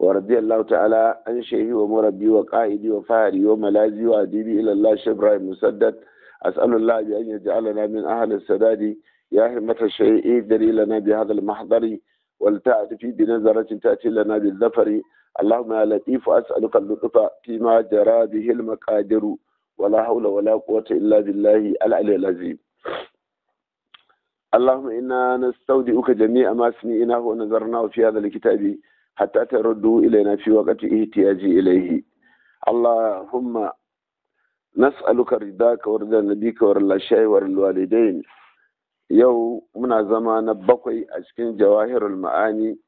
ورضي الله تعالى عن شيخي ومربي وقائدي وفاعلي وملاذي وأديبي إلى الله شيخ إبراهيم مسدد أسأل الله بأن يجعلنا من أهل السداد يا همة الشيء ادري لنا بهذا المحضر ولتأتي بنظرة تأتي لنا بالظفر اللهم يا لطيف أسألك اللطف فيما جرى به المقادر ولا حول ولا قوة إلا بالله العلي العظيم اللهم إنا نستودعك جميع ما سمعناه ونظرناه في هذا الكتاب hatta taruddu ilaina fi waqti ihtiyaji ilayhi allahumma nas'aluka ridaka wa ridan nabika wa la shay wa walidain yau muna zama na bakwai a cikin jawahirar ma'ani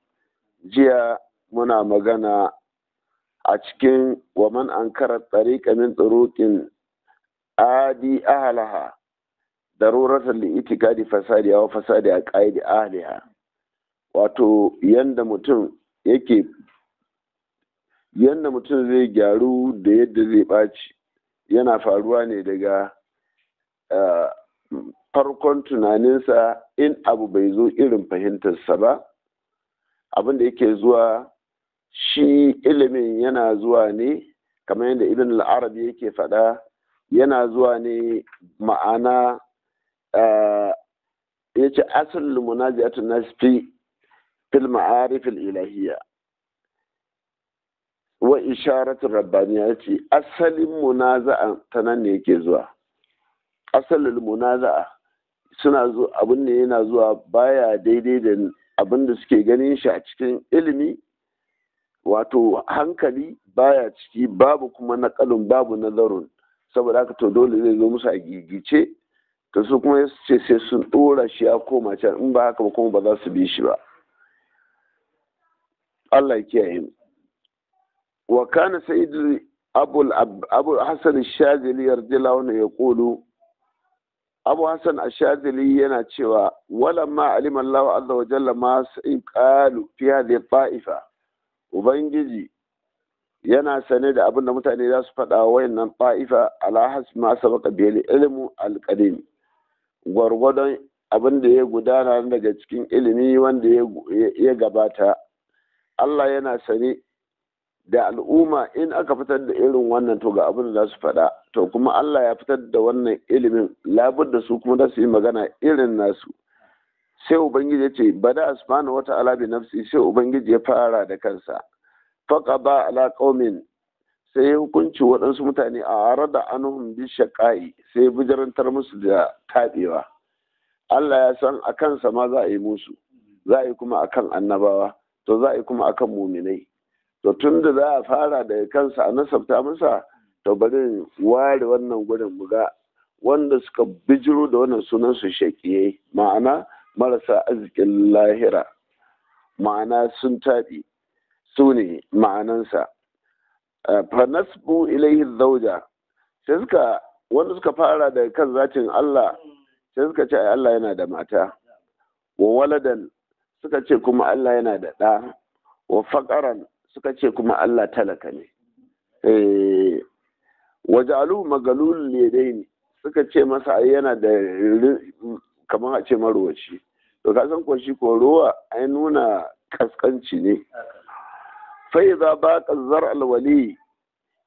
jiya muna magana a cikin wa man tsarikanin tsarika min tsurukin adi ahalaha daruratan da itikadi fasadi wa fasadi a ƙa'idi wato yanda mutum yake yadda mutum zai gyaru da yadda zai ɓaci yana faruwa ne daga farkon tunaninsa in abu bai zo irin fahimtarsa ba abin da yake zuwa shi ilimin yana zuwa ne kamar yadda ibn al'arabi yake faɗa yana zuwa ne ma'ana ya ce asalin munajatun nas fi fil ma'arif ilahiyya wa isharatu rabbaniya ce asalin munaza'a ta nan ne yake zuwa asalin munaza'a suna zo abin yana zuwa baya daidai da abin da suke ganin shi a cikin ilimi wato hankali baya ciki babu kuma naƙalin babu nazarin saboda haka to dole zai zo musu a gigice ta su kuma ce sai sun ɗora shi ya koma can in ba haka ba kuma ba za su bi shi ba Allah ya kiyaye mu wa kana sayyid abu abu hasan ash-shazili ne ya kulu abu hasan ash-shazili yana cewa walamma alima Allah azza wa jalla ma qalu fi hadhihi ta'ifa ubangiji yana sane da abin da mutane za su faɗa wayannan ta'ifa ala hasma sabaka bil ilmu al-qadim gwargwadon abin da ya gudana daga cikin ilimi wanda ya gabata Allah yana sane da al'umma in aka fitar da irin wannan to ga abin da za su faɗa to kuma Allah ya fitar da wannan ilimin labar da su kuma za su yi magana irin nasu sai ubangiji ya ce bada asmanu wata alabi nafsi sai ubangiji ya fara da kansa faka ba ala qaumin sai ya hukunci waɗansu mutane a ara da anuhun bi shaƙa'i sai bijirantar musu da taɓewa Allah ya san a kansa ma za a yi musu za a yi kuma a kan annabawa to za a yi kuma akan muminai to tun da za a fara daga kansa a nasabta masa to bari ware wannan gurin buga wanda suka bijiro da wannan sunan su shaƙiye ma'ana marasa arzikin lahira ma'ana sun taɗi su ne ma'anansa eh, fa nasbu ilaihi zauja sai suka wanda suka fara daga kan zatin Allah sai suka ce Allah yana da mata wa waladan suka ce kuma Allah yana da ɗa wa faƙaran suka ce kuma Allah talaka ne eh, wajalu magalul ne suka ce masa yana da kamar a ce marowaci to ka san ko shi ko ruwa ai nuna kaskanci ne faiza ba ka zar alwali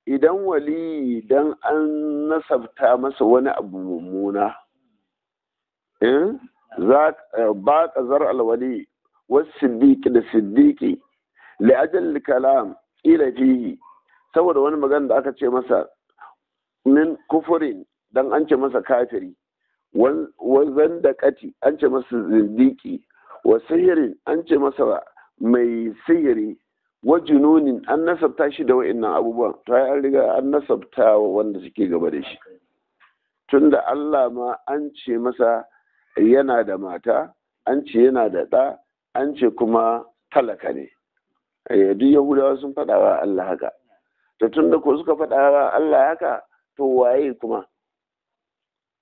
idan wali idan an nasabta masa wani abu mummuna eh, za ba zar alwali والصديق للصديق لأجل الكلام إلى فيه saboda wani magana da aka ce masa min kufurin dan an ce masa kafiri wanzan da kati an ce masa zindiki wa sihirin an ce masa mai sihiri wa jununin an nasabta shi da wa'annan abubuwan to ai an riga an nasabta wa wanda suke gaba da shi tunda Allah ma an ce masa yana da mata an ce yana da ɗa an ce kuma talaka ne eh, duk yahudawa sun faɗa wa Allah haka to tun da ko suka faɗa wa Allah haka to waye kuma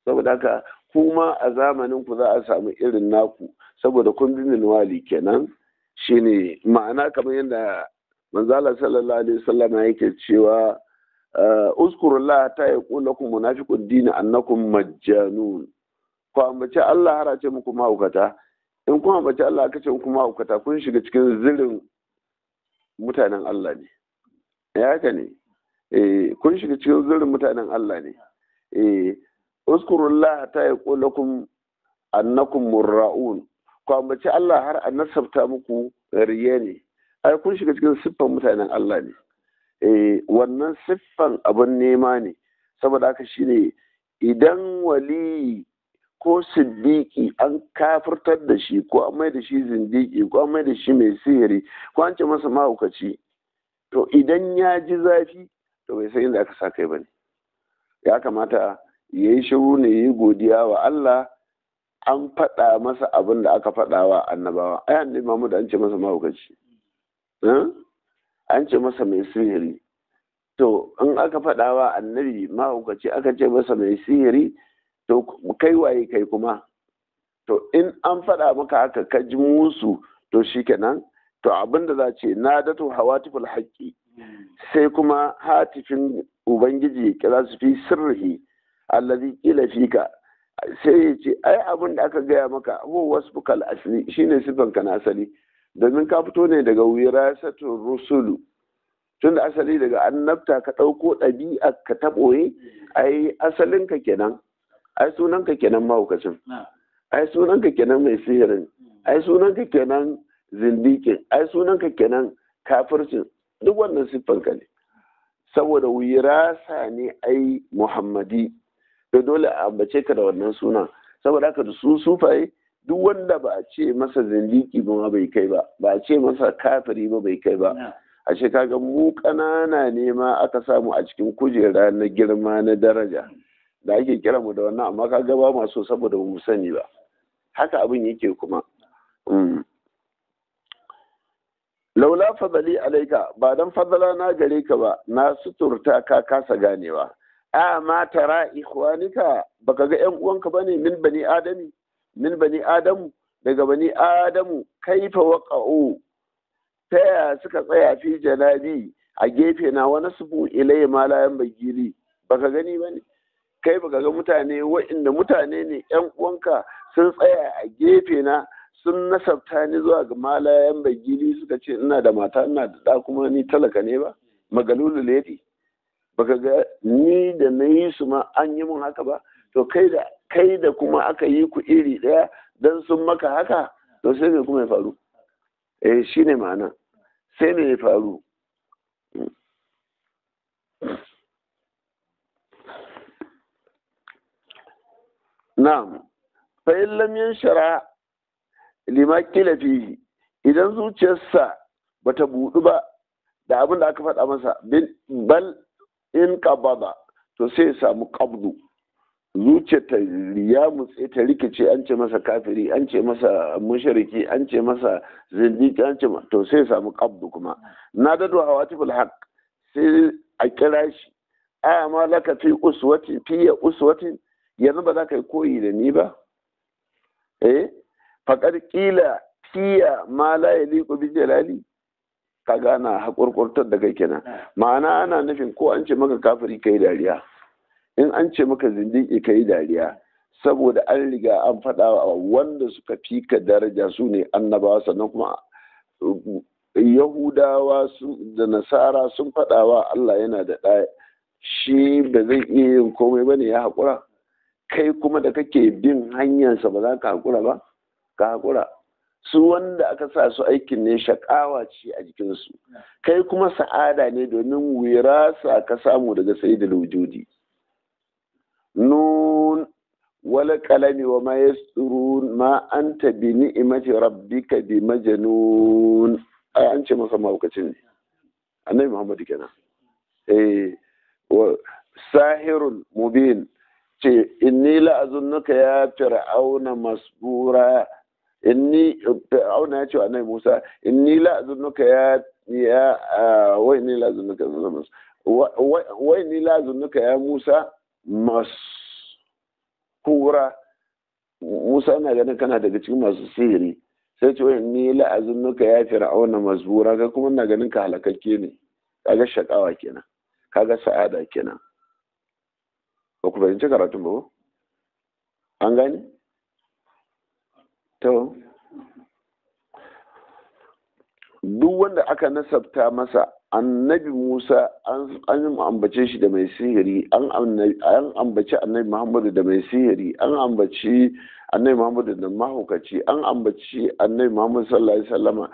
saboda haka kuma a zamanin ku za a samu irin naku saboda kun bi min wali kenan shine ma'ana kamar yadda manzala sallallahu alaihi wasallam yake cewa Allah eh, ta yaqulu lakum munafiqud dini annakum majjanun ko ce Allah ce muku mahaukata in kuma bace Allah aka ce kuma aukata kun shiga cikin zirin mutanen Allah ne ya eh, ka ne eh, kun shiga cikin zirin mutanen Allah ne eh, uskurullah ta yi lakum annakun murraun kwa ambaci Allah har a nasabta muku riye ne ai kun shiga cikin siffan mutanen Allah ne wannan siffan abin nema ne saboda haka shine idan wali ko siddiki an kafirtar da shi ko an mai da shi zindiki ko an mai da shi mai sihiri ko an ce masa mahaukaci to idan ya ji zafi to bai san inda aka sa kai bane ya kamata ya yi shiru ne ya yi godiya wa Allah an faɗa masa abin da aka faɗa wa annabawa ai annabi da an ce masa mahaukaci eh? an ce masa mai sihiri to in aka faɗa wa annabi mahaukaci aka ce masa mai sihiri to kai waye kai kuma to in an faɗa maka haka ka ji musu to shikenan to abin da za ce na datu hawatiful haƙƙi sai kuma hatifin ubangiji ya kira su fi sirri allazi kila fika sai ya ce ai abin da aka gaya maka ho wasu bukal asali shine ka na asali domin ka fito ne daga wirasatun rusulu tun da asali daga annabta ka ɗauko ɗabi'a ka taɓoye ai asalinka kenan ai sunanka kenan mahaukacin ai sunanka kenan mai sihirin ai sunanka kenan zindikin ai sunanka kenan kafircin duk wannan siffanka ne saboda sa ne ai muhammadi da dole a ambace ka da wannan sunan saboda haka da su sufaye duk wanda ba a ce masa zindiki ba bai kai ba ba a ce masa kafiri ba bai kai ba a shekaga mu ƙanana ne ma aka samu a cikin kujera na girma na daraja da ake kira mu da wannan amma ka gaba masu saboda mu sani ba haka abin yake kuma mm. laula fadali alaika ba dan fadala na gare ka ba na suturta ka kasa ganewa a ma tara ikhwanika baka ga yan uwanka bane min bani adami min bani adamu daga bani adamu kaifa waqa'u ta yaya suka tsaya fi janabi a gefe na wani subu ilai malayan bagiri baka gani bane kai baka ga mutane wa'inda mutane ne yan uwanka sun tsaya a gefe na sun nasabta ni zuwa ga malayan bagili suka ce ina da mata ina da da kuma ni talaka ne ba magalulu lady ba ga ni da na yi su ma an yi mun haka ba to kai da kuma aka yi ku iri ɗaya dan sun maka haka to sai me kuma ya faru eh shine ma'ana sai me ya faru na'am fa shara lam yanshara idan zuciyarsa bata buɗu ba da abin da aka faɗa masa bal in qabada to sai ya samu qabdu zuciyar ta riya mutse ta rikice an ce masa kafiri an ce masa mushriki an ce masa zindiki to sai ya samu qabdu kuma na dadu hawatiful haqq sai a kira shi aya ma laka fi uswatin fiye uswatin yanzu ba za ka yi koyi da ni ba eh faƙar ƙila fiya ma la ya liƙo bi jalali ka gana haƙurƙurtar da kai kenan ma'ana ana nufin ko an ce maka kafiri kai dariya in an ce maka zindiki kai dariya saboda an riga an faɗa wanda suka fi ka daraja su ne annabawa sannan kuma uh, yahudawa da nasara sun faɗawa Allah yana da ɗaya shi ba zai iya yin komai ba ne ya haƙura kai kuma da kake bin hanyarsa ba za ka haƙura ba ka haƙura su wanda aka sa su aikin ne shaƙawa ce a jikinsu kai kuma sa'ada ne domin wirasa aka samu daga sai da lujudi nun wala kalami wa ma yasturun ma anta bi ni'imati rabbika bi majnun ai an ce masa maukacin ne annabi muhammad kenan eh sahirul mubin ce inni la'azunnuka ya fir'auna masbura inni fir'auna ya ce wa annabi Musa inni la'azunnuka ya ya wai ni Musa wai ni la'azunnuka ya Musa masbura Musa na ganin kana daga cikin masu sihiri sai ce wai ni la'azunnuka ya fir'auna masbura ga kuma na ganin ka halakakke ne kaga shakawa kenan kaga sa'ada kenan ba ku fahimci karatun ba an gane to duk wanda aka nasabta masa annabi musa an ambace shi da mai sihiri an ambaci annabi muhammadu da mai sihiri an ambaci annabi muhammadu da mahaukaci an ambaci annabi muhammadu sallallahu alaihi wasallama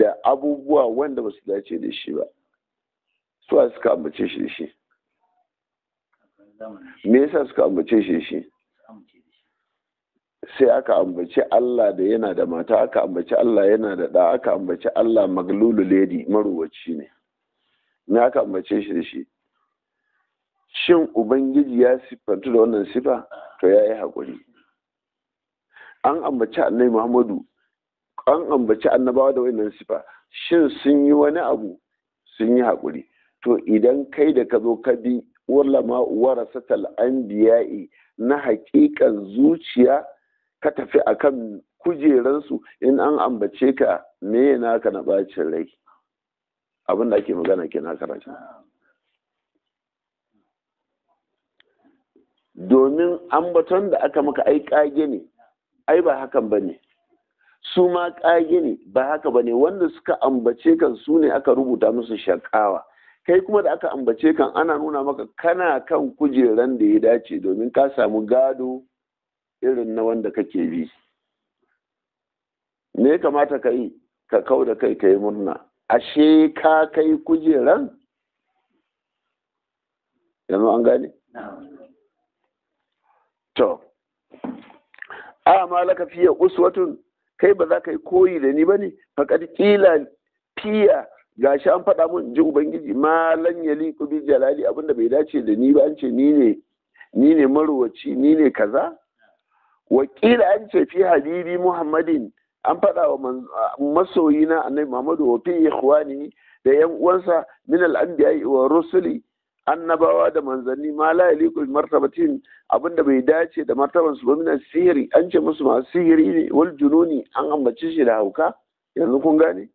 da abubuwa wanda ba su dace da shi ba su suka ambace shi da shi me yasa suka ambace shi shi sai aka ambaci Allah da yana da mata aka ambaci Allah yana da ɗa aka ambaci Allah maglulu lady maruwaci ne me aka ambace shi da shi shin ubangiji ya siffantu da wannan sifa to ya yi haƙuri an ambaci annai muhammadu an ambaci annabawa da wannan sifa shin sun yi wani abu sun yi haƙuri to idan kai da ka zo ka bi ulama warasatal anbiya'i na hakikan zuciya ka tafi akan kujeransu in an ambace ka me naka na bacin rai abin da ake magana ke na domin ambaton da aka maka ai kage ne ai ba hakan ba su ma kage ne ba haka ba wanda suka ambace kan su ne aka rubuta musu shakawa kai kuma da aka ambace kan ana nuna maka kana kan kujeran da ya dace domin ka samu gado irin na wanda kake bi me ya kamata ka yi ka kau da kai ka yi murna ashe ka kai kujeran yanzu an gane to a malaka fiye uswatun kai ba za ka yi koyi da ni ba ne Fakar ƙila fiya Ga shi an faɗa mun ji ubangiji ma lan yali bi jalali abinda bai dace da ni ba an ce ni ne ni ne maruwaci ni ne kaza wakila an ce fi habibi muhammadin an faɗa wa masoyi na annabi muhammadu wa fi ikhwani da yan uwansa min al wa rusuli annabawa da manzanni ma la yali ku martabatin abinda bai dace da martaban su ba min sihiri an ce musu masu sihiri ne wal jununi an ambace shi da hauka yanzu kun gane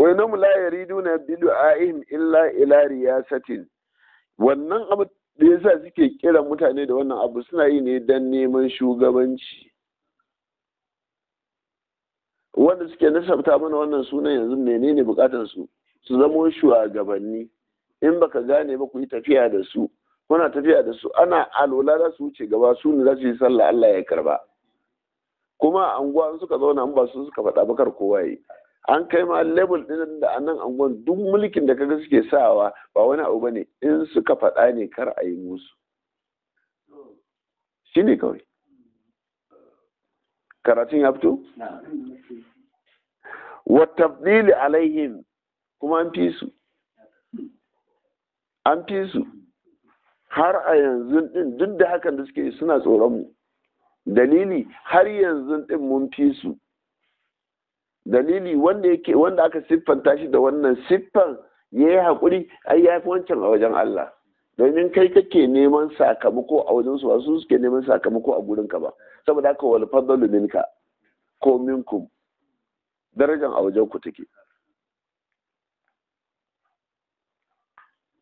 wayannan la yariduna a du'aihim illa ila riyasatin wannan abu da yasa suke kiran mutane da wannan abu suna yi ne dan neman shugabanci wanda suke nasabta mana wannan sunan yanzu menene bukatar su su zamo shugabanni in baka gane ba ku yi tafiya da su kuna tafiya da su ana alola za su wuce gaba su ne za su yi sallah Allah ya karba kuma anguwa suka zauna in ba su suka faɗa bakar kowa yi an kai ma level din da anan angon duk mulkin da kaga suke sawa ba wani abu bane in suka faɗa ne kar a yi musu shi ne kawai karatun ya fito wa tabdil alaihim kuma an fi su an fi su har a yanzu din duk da hakan da suke suna tsoron mu dalili har yanzu din mun fi su dalili wanda yake wanda aka siffanta shi da wannan siffan ya yi haƙuri ai ya fi wancan a wajen Allah domin kai kake neman sakamako a wajen su wasu suke neman sakamako a gurinka ba saboda haka wal fadlu minka ko minkum darajan a wajen ku take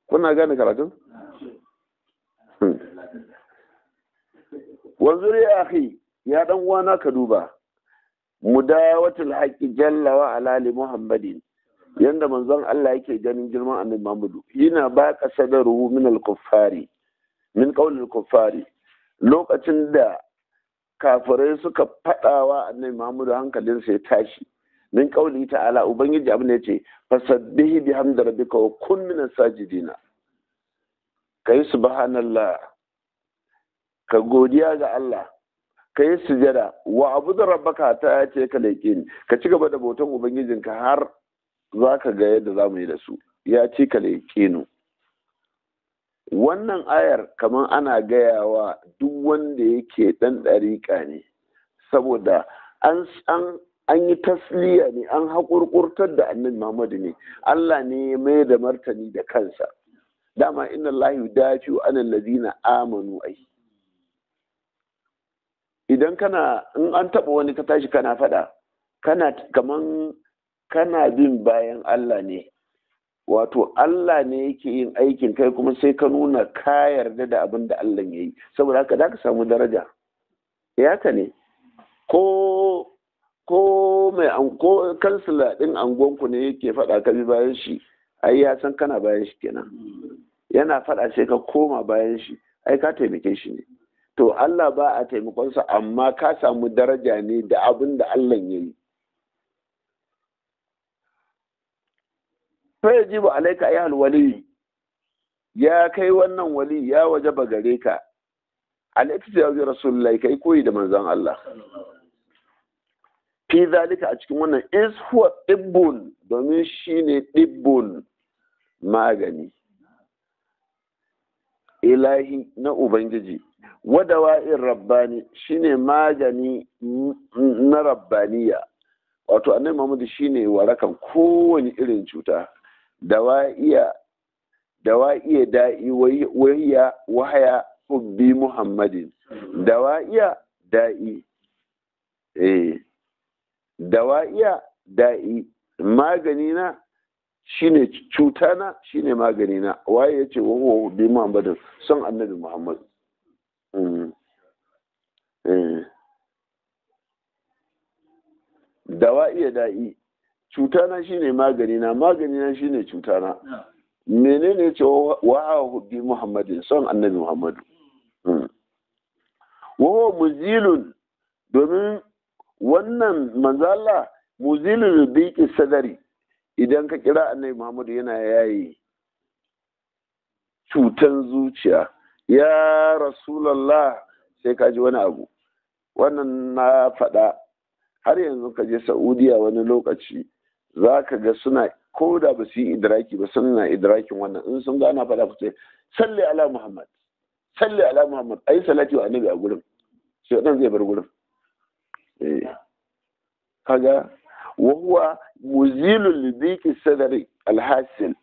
kuna gane karatun hmm. wanzuri ya akhi ya dan uwana ka duba mudawatul haqqi jalla wa ala li muhammadin yanda manzon Allah yake ganin girman annabi Muhammadu yana ba ka sadaru min al-kuffari min qawlil kuffari lokacin da kafirai suka fadawa annabi Muhammadu hankalinsa ya tashi min qawli ta'ala ubangiji abin yace fasabbihi bihamdi rabbika wa kun min sajidina kai subhanallah ka godiya ga Allah ka yi sujada wa abu da rabbaka ta ya ce ka leƙe ni ka ci gaba da bautan ubangijinka har za ka ga yadda za mu yi da su ya ce ka leƙe ni wannan ayar kamar ana gayawa duk wanda yake ɗan ɗariƙa ne saboda an yi tasliya ne an haƙurƙurtar da annabi muhammadu ne allah ne ya mai da martani da kansa dama inna lahi dafi wa anan lazina amanu ai idan kana in an taɓa wani ka tashi kana faɗa kana kaman kana bin bayan Allah ne wato Allah ne yake yin aikin kai kuma sai ka nuna ka yarda da abin da Allah ya yi saboda haka za ka samu daraja ya eh, ka ne ko ko mai ko kansila din angonku ne yake faɗa ka bi bayan shi ai ya san kana bayan shi kenan yana faɗa sai ka koma bayan shi ai ka taimake shi ne to Allah ba a taimakon taimakonsa amma ka samu daraja ne da abin da Allah ya yi. Fa ji ba alaika ya wali ya kai wannan wali ya waje ba gare ka. Alaikisu ya zai rasulullahi kai koyi da manzon Allah. Fi zalika a cikin wannan is huwa domin shi ne magani. Ilahi na Ubangiji. wadawa'in rabbani shine magani na rabbaniya wato annabi Muhammadu shine warakan kowane irin cuta dawa'iya dawa'iya da'i wayya wahaya hubbi muhammadin dawa'iya da'i eh dawa'iya da'i magani na shine cuta na shine magani na waye yace wa hubbi muhammadin son annabi Muhammadu Eh. dawa iya da'i cutana shine maganina maganina shine cutana menene ce wa hubbi muhammadin son annabi muhammadu hmm. wa muzilun domin wannan manzala muzilun biki sadari idan ka kira annabi muhammadu yana yayi cutan zuciya ya rasulallah sai ka ji wani abu wannan na faɗa har yanzu ka je saudiya wani lokaci za ka ga suna ko da ba su yi idraki ba suna idrakin wannan in sun gana faɗa ku ce salli ala muhammad salli ala muhammad ayi salati wa annabi a gurin sai dan zai bar gurin eh. kaga wa huwa muzilu lidiki sadari alhasil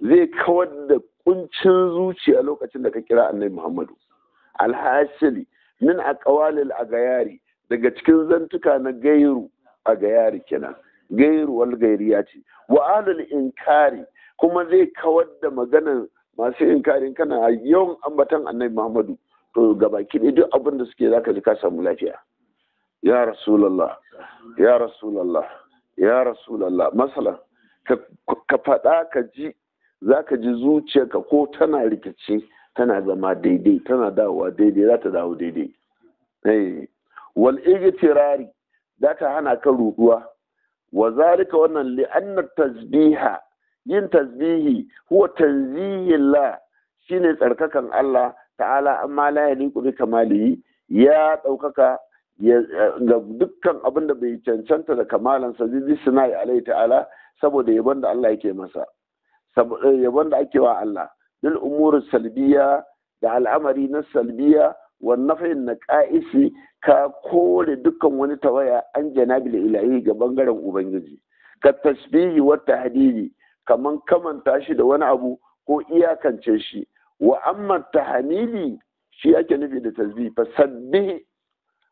zai kawar da kuncin zuciya lokacin da ka kira annabi muhammadu alhasili min a gayari daga cikin zantuka na gairu a gayari kenan gairu wal gairiya ce wa alul inkari kuma zai kawar da maganan masu inkarin kana yawan ambatan annabi muhammadu to gabaki ne duk abin da suke zaka ji ka samu lafiya ya rasulallah ya rasulallah ya rasulallah masala ka faɗa ka ji zaka ji zuciyarka ko tana rikici tana zama daidai tana dawowa daidai za ta dawo daidai eh, wal igtirari za ta hana ka ruduwa wa zalika wannan anna tasbiha yin tasbihi huwa la shine tsarkakan Allah ta'ala amma la yaliqu bi kamalihi ya daukaka ga dukkan abin da bai cancanta da sa jiji sunai alai ta'ala saboda yabon da Allah yake masa eh, yabon da ake wa Allah lil umuri salbiya da al'amari na salbiya wa nafayin na ka'isi ka kore dukkan wani tawaya an janabil ilahi ga bangaren ubangiji ka tasbihi wa tahdidi kaman kamanta shi da wani abu ko iyakance shi wa amma shi yake nufi da tasbihi fa sabbihi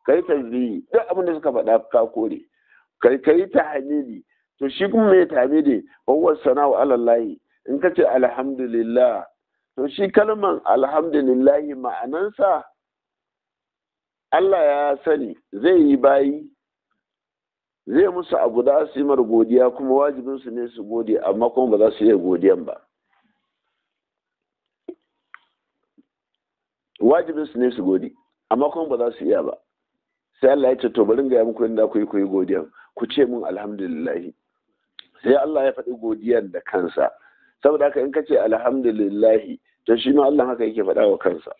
kai tasbihi duk abin da suka faɗa ka kore kai kai tahmidi to shi kuma me tahmidi wa huwa sana'u ala Allah in ka ce lillah. to shi kalman alhamdulillahi ma'anansa Allah ya sani zai yi bayi zai musu abu da su yi godiya kuma wajibinsu ne su gode amma kuma ba za su iya godiyan ba wajibinsu ne su gode amma kuma ba za su iya ba sai Allah ya ce to bari ga muku inda ku yi ku yi godiyan ku ce mun alhamdulillahi sai Allah ya faɗi godiyan da kansa saboda haka in ka ce alhamdulillahi to shi ma Allah haka yake faɗa wa kansa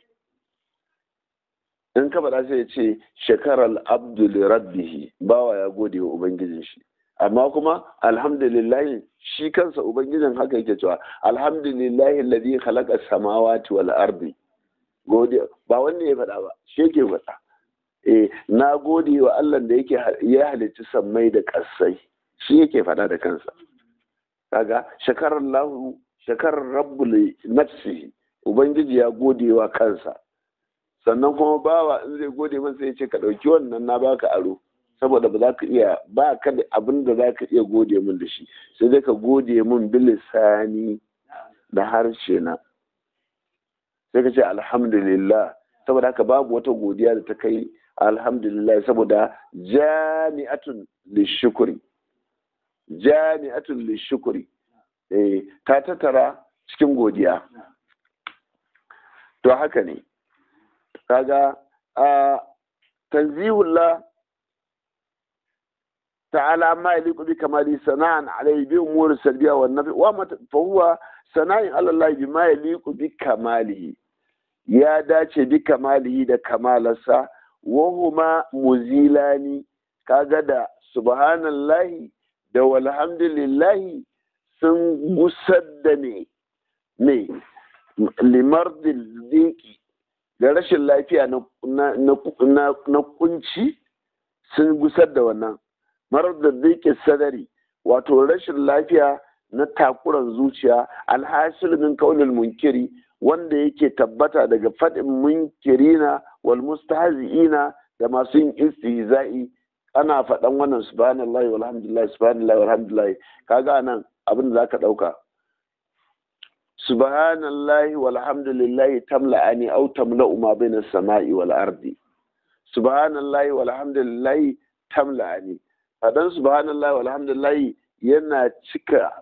in ka faɗa sai ya ce shekarar abdul rabbihi bawa ya gode wa ubangijin shi amma kuma alhamdulillahi shi kansa ubangijin haka yake cewa alhamdulillahi alladhi khalaqa samawati wal ardi gode ba wanne ya faɗa ba shi yake faɗa eh na gode wa Allah da yake ya halicci sammai da ƙasai shi yake faɗa da kansa kaga shakarar lahu shakarar rabbul nafsi ubangiji ya gode wa kansa sannan kuma bawa in zai gode masa ya ce ka ɗauki wannan na baka aro saboda ba za ka iya ba ka da abin da za ka iya gode min da shi sai dai ka gode min bilisani da harshe na sai ka ce alhamdulillah saboda haka babu wata godiya da ta kai alhamdulillah saboda jami'atun lishukuri jami'atun lishukuri eh, ta tattara cikin godiya to haka ne kaga a tanzihullah ta'ala ma liku bi kamali sana'an alayhi bi wa nafi wa ma fa huwa bi ma bi ya dace bi da kamalarsa wa huma muzilani kaga da subhanallahi da walhamdulillahi sun gusar da ne ne limar zinke da rashin lafiya na kunci sun gusar da wannan marar da diki sadari wato rashin lafiya na takuran zuciya alhasil min kaunin munkiri wanda yake tabbata daga faɗin munkirina wal da masu yin istihza'i ana faɗan wannan subhanallahi walhamdulillah subhanallahi Ka kaga nan abin da zaka ɗauka subhanallahi walhamdulillahi tamla'ani aw tamla'u ma na samai wal ardi subhanallahi walhamdulillahi tamla'ani faɗan subhanallahi walhamdulillahi yana cika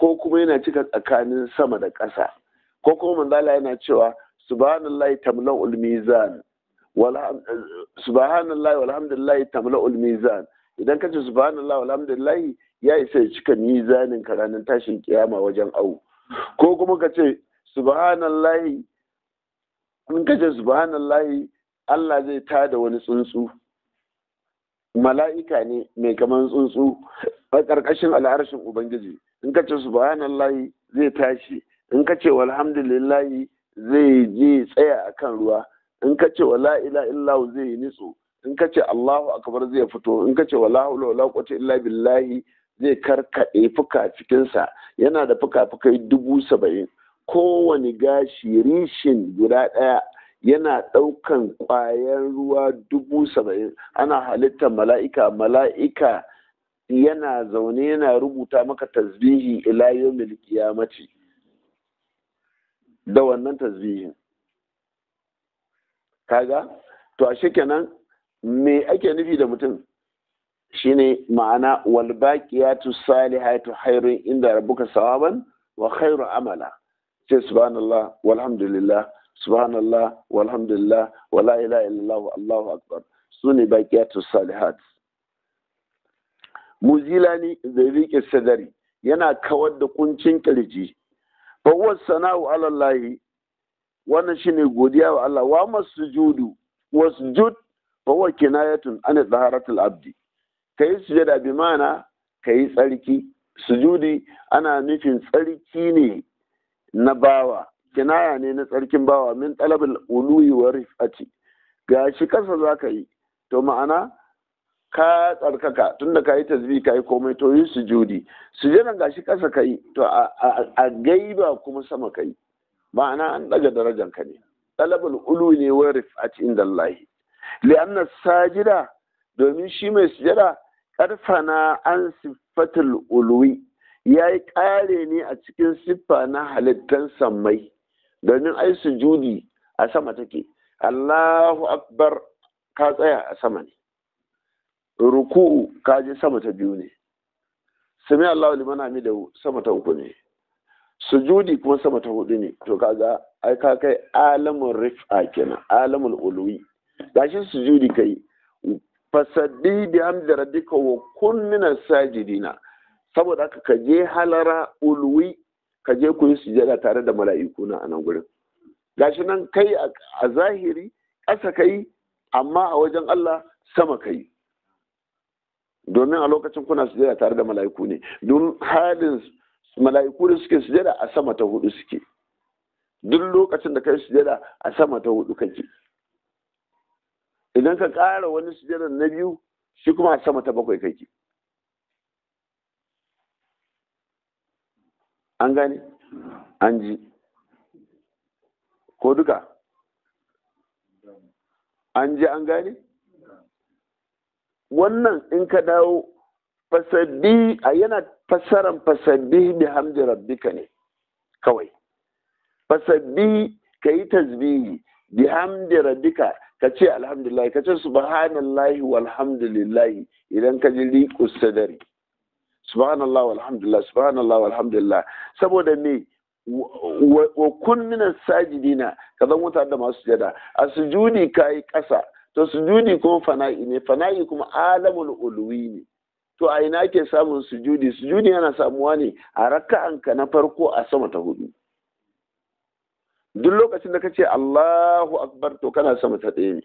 ko kuma yana cika tsakanin sama da ƙasa ko kuma manzala yana cewa subhanallahi tamla'ul mizan subhanallahi walhamdulillahi tamla'ul mizan idan ka ce subhanallahi walhamdulillahi ya isa ya cika mizanin ka ranar tashin kiyama wajen au ko kuma ka ce subhanallahi in ka ce subhanallahi Allah zai tada wani tsuntsu mala'ika ne mai kaman tsuntsu a ƙarƙashin al'arshin ubangiji in ka ce subhanallahi zai tashi in ka ce walhamdulillahi zai je tsaya akan ruwa in ka ce wala ila illahu zai yi nitso in ka ce Allahu akbar zai fito in ka ce wala hawla wala quwwata illa billahi zai karkaɗe fuka-fikinsa yana da fuka fukai dubu saba'in kowane gashi rishin guda ɗaya yana ɗaukan ƙwayar ruwa dubu saba'in ana halittar mala'ika mala'ika yana zaune yana rubuta maka tasbihi ila yawmil qiyamati da wannan tasbihin kaga to ashe kenan me ake nufi da mutum shine ma'ana wal baqiyatu salihatu khairun inda rabbuka sawaban wa khairu amala sai subhanallah walhamdulillah subhanallah walhamdulillah wala ilaha illallah allahu akbar sune baqiyatu salihat muzilani zai rike sadari yana kawar da kuncin kirji fa huwa sana'u ala allahi wannan shine godiya wa Allah wa masujudu wasjud fa wa kinayatun an zaharatul abdi kai sujada bi mana kai tsarki sujudi ana nufin tsarki ne na bawa kinaya ne na tsarkin bawa min talabul uluyi wa rifati gashi kasa zaka yi to ma'ana ka tsarkaka tunda ka yi tasbih ka yi komai to yi sujudi sujudan gashi kasa ka yi to a gaiba kuma sama ka yi ma'ana an ɗaga darajar ka ne talabul ulu ne wa rif'at inda Allah li'anna sajida domin shi mai sujada na an siffatul uluwi ya yi ƙare ne a cikin siffa na halittan sammai domin ai sujudi a sama take Allahu akbar ka tsaya a sama ne ruku'u ka je sama ta biyu ne sami Allahu liman hamidahu sama ta uku ne sujudi kuma sama ta hudu ne to kaga ai ka kai alamun rif'a kenan alamul uluwi gashi sujudi kai fasaddi bi hamdi rabbika wa kun sajidina saboda ka kaje halara uluwi kaje je ku yi sujada tare da mala'iku na anan gurin gashi nan kai a zahiri ƙasa kai amma a wajen Allah sama kai domin a lokacin kuna sujada tare da mala'iku ne don halin mala'iku da suke sujada a sama ta hudu suke duk lokacin da kai sujada a sama ta hudu kake idan ka ƙara wani sujada na biyu shi kuma a sama ta bakwai kake an gane an ji ko duka an ji an gane wannan in ka dawo fasabbi ayana yana fassaran fasabbi bi hamdi rabbika ne kawai fasabbi ka yi tasbihi bi hamdi rabbika ka ce alhamdulillah ka ce subhanallahi walhamdulillahi idan ka ji riƙus sadari subhanallah walhamdulillah subhanallah walhamdulillah saboda me wa kunnin sajidina ka zan wuta da masu jada a sujudi kayi to sujudi kuma fana'i ne fana'i kuma alamul uluwi to a ina ke samun sujudi sujudi yana samuwa ne a raka'anka na farko a sama ta hudu duk lokacin da kace Allahu akbar to kana sama ta ɗaya ne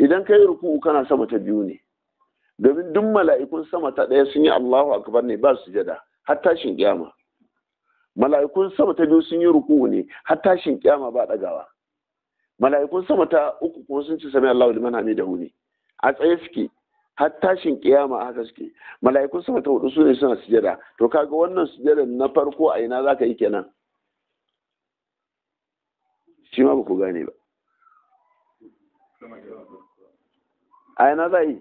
idan kai ruku'u kana sama ta biyu ne domin duk mala'ikun sama ta ɗaya sun yi Allahu akbar ne ba sujada har tashin kiyama mala'ikun sama ta biyu sun yi ruku'u ne har tashin kiyama ba ɗagawa mala'ikun sama ta uku ko sun ci sami Allahu liman hamidahu ne a tsaye suke har tashin kiyama haka suke mala'ikun sama ta hudu su ne suna sujada to kaga wannan sujada na farko a ina zaka yi kenan shi ma ku gane ba a ina za yi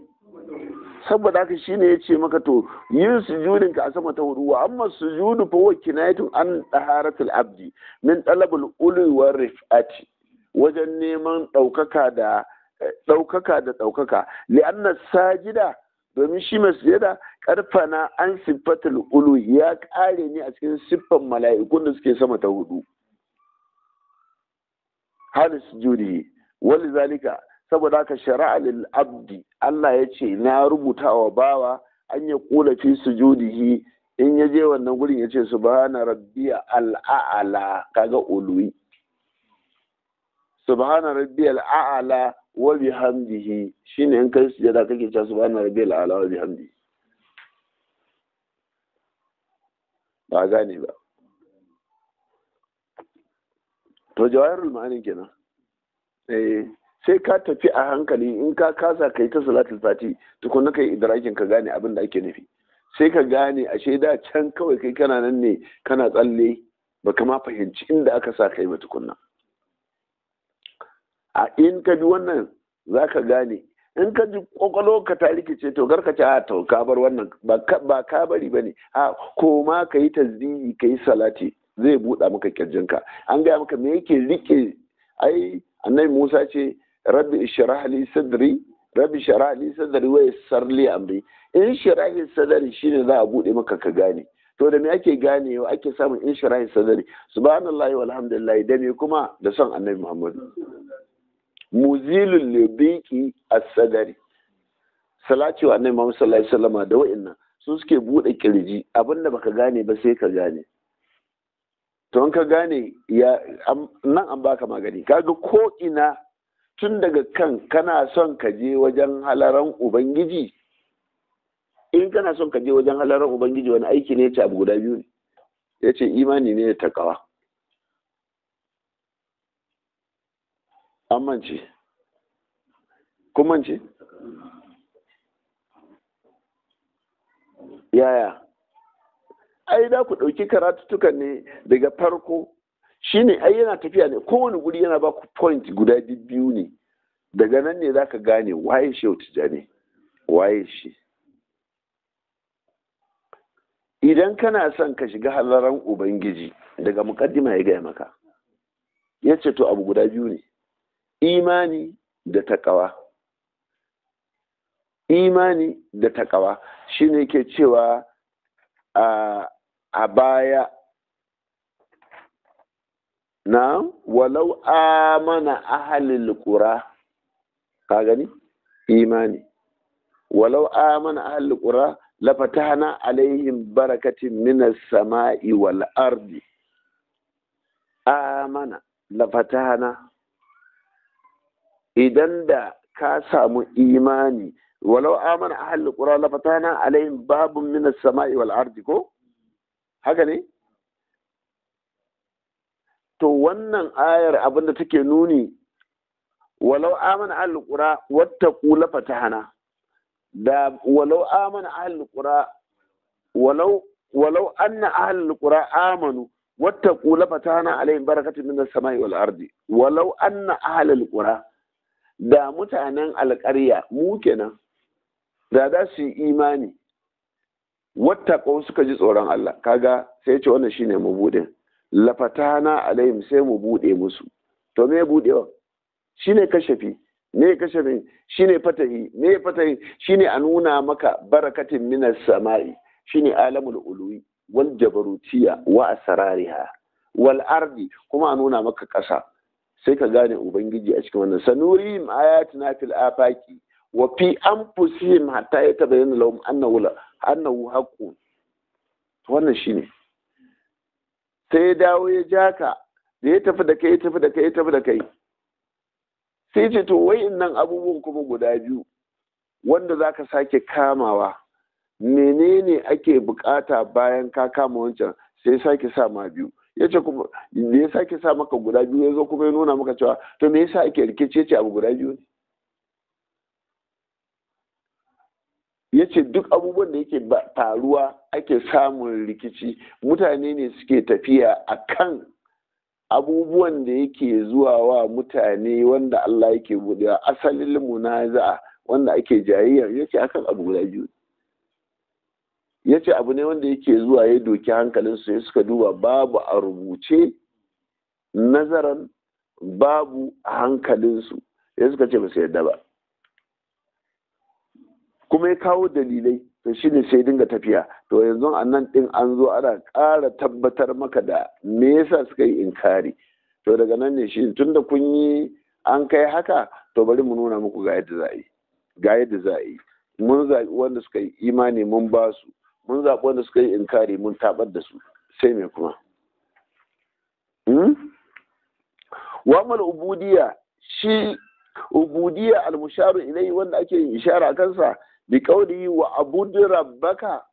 saboda haka shi ne ya ce maka to yin sujudin ka a sama ta hudu wa amma sujudu fa wa kinayatun an daharatul abdi min talabul ulwi wa rif'ati wajen neman ɗaukaka da ɗaukaka da ɗaukaka li'anna sajida domin shi mai karfa Ƙarfana an siffatul ulu ya ƙare ne a cikin siffan mala'ikun da suke sama ta hudu halis judi wali zalika saboda haka shari'a lil abdi Allah ya ce na rubuta wa bawa an ya kula fi sujudihi in ya je wannan gurin ya ce subhana rabbiya al'a'ala kaga uluwi subhana rabbiya al'a'ala wa bihamdihi shine in kai sujada kake cewa subhana rabbiyal ala wa bihamdihi ba gane ba to jawahirul ma'anin kenan eh sai ka tafi a hankali in ka kasa kai ta salatul fati tukunna kai idrakin ka gane abin da ake nufi sai ka gane ashe da can kawai kai kana nan ne kana tsalle ba kama fahimci inda aka sa kai ba tukunna a in ka bi wannan za ka gane in ka ji kwakwalo ka ta rikice to garka ce a ka bar wannan ba ka bari ba ne a ko ma ka yi tasbihi ka yi salati zai buɗa maka kirjinka an gaya maka me yake rike ai annai musa ce rabbi ishrah sadri rabbi shara sadri wai sarli amri in shirahi sadri shine za a buɗe maka ka gane to da me ake ganewa ake samun in shirahi sadri subhanallahi walhamdulillah da me kuma da son annabi muhammad muzilul libiki asadari sadari salati wa annabi Muhammad sallallahu alaihi wasallam da wa'annan su suke bude kirji abinda baka gane ba sai ka gane to an ka gane ya nan an baka magani kaga ko ina tun daga kan kana son ka je wajen halaran ubangiji in kana son ka je wajen halaran ubangiji wani aiki ne ya ce abu guda biyu ne ya ce imani ne ya takawa an mance kun mance yaya ai da ku ɗauki karatuttukan ne daga farko shine ai yana tafiya ne kowane guri yana ba ku point guda biyu ne daga nan ne zaka gane waye shi tijani waye shi idan kana son ka shiga halaran ubangiji daga mukaddima ya gaya maka ya ce to abu guda biyu ne imani da taƙawa imani da taƙawa shine ke cewa a baya na walau amana ahalin qura ka gani imani walau amana ahalil qura hana alaihim barakatin minas sama'i wal ardi amana hana. idan da ka samu imani walau amana halin ƙura la fatana alaihim babun babu as-sama'i wal ardi ko haka ne to wannan ayar abinda take nuni walau amana ahlul qura wattaqu la fatahana da walau amana ahlul ƙura walau walau anna ahlul ƙura amanu wattaqu la hana alaihim barakatun min samai wal ardi walau anna halin ƙura da mutanen alƙarya mu kenan da za su yi imani wattaƙo suka ji tsoron Allah kaga sai ce wannan shine mabudin lafatana alaihim sai mu buɗe musu to me budewa shine kashafi me kashafin shine fatahi me fatahi shine a nuna maka barakatin minas sama'i shine alamul uluwi wal jabarutiya wa asrariha wal ardi kuma a nuna maka ƙasa sai ka gane ubangiji a cikin wannan sanurihim ayatina fil afaki wa fi anfusihim hatta yatabayyana lahum annahu annahu haqqun wannan shine sai yi dawo ya ja ka da ya tafi da kai ya tafi da kai ya tafi da kai sai ce to nan abubuwan kuma guda biyu wanda za ka sake kamawa menene ake bukata bayan ka kama wancan sai sake sa ma biyu ya ce kuma me yasa ke sa maka guda biyu ya zo kuma ya nuna maka cewa to me yasa ake rikice ce abu guda biyu ne ya ce duk abubuwan da yake faruwa ake samun rikici mutane ne suke tafiya a kan abubuwan da yake zuwa wa mutane wanda Allah yake buɗewa asalin munaza wanda ake jayayya yake akan abu guda biyu ne. ya ce abu ne wanda yake zuwa ya doki hankalinsu ya suka duba babu a rubuce nazaran babu a hankalinsu ya suka ce ba su yadda ba kuma ya kawo dalilai da shi ne sai dinga tafiya to yanzu a nan ɗin an zo ana ƙara tabbatar maka da me yasa suka yi inkari to daga nan ne shi tun da kun yi an kai haka to bari mu nuna muku ga yadda za a yi ga yadda za a yi mun zaɓi wanda suka yi imani mun basu. mun zaɓi wanda suka yi inkari mun taɓar da su sai mai kuma hmm? wa mal ubudiya shi ubudiya al-musharu ilai wanda ake yin ishara kansa bi qawlihi wa abud rabbaka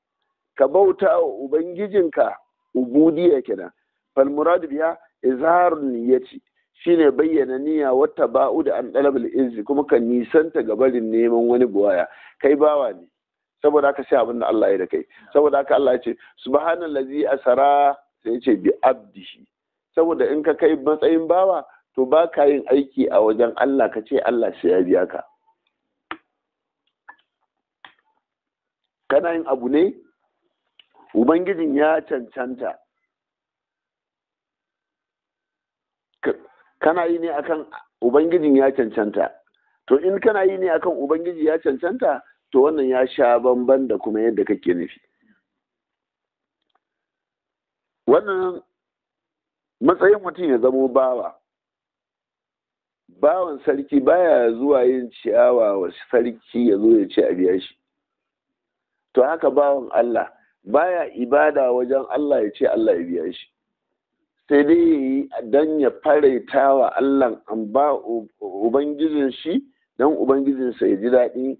ka bauta wa ubangijinka ubudiya kenan fal murad biha izharun niyyati shine bayyana niyya wata ba'u da an dalabul izzi kuma ka nisanta gabarin neman wani buwaya kai bawa ne saboda haka sai abin da Allah ya da kai saboda haka Allah ya ce subhanallazi asara sai ya ce bi abdihi saboda in ka kai matsayin bawa to ba ka yin aiki a wajen Allah ka ce Allah sai ya biya ka kana yin abu ne ubangijin ya cancanta kana yi ne akan ubangijin ya cancanta to in kana yi ne akan ubangiji ya cancanta to wannan ya sha bamban da kuma yadda kake nufi wannan matsayin mutum ya zamo bawa bawan sarki baya zuwa yin ciyawa wa sarki ya zo ya ce a biya shi to haka bawan Allah baya ibada wajen Allah ya ce Allah ya biya shi sai dai don ya faraita wa Allah an ba ubangijin shi don ubangijinsa ya ji daɗi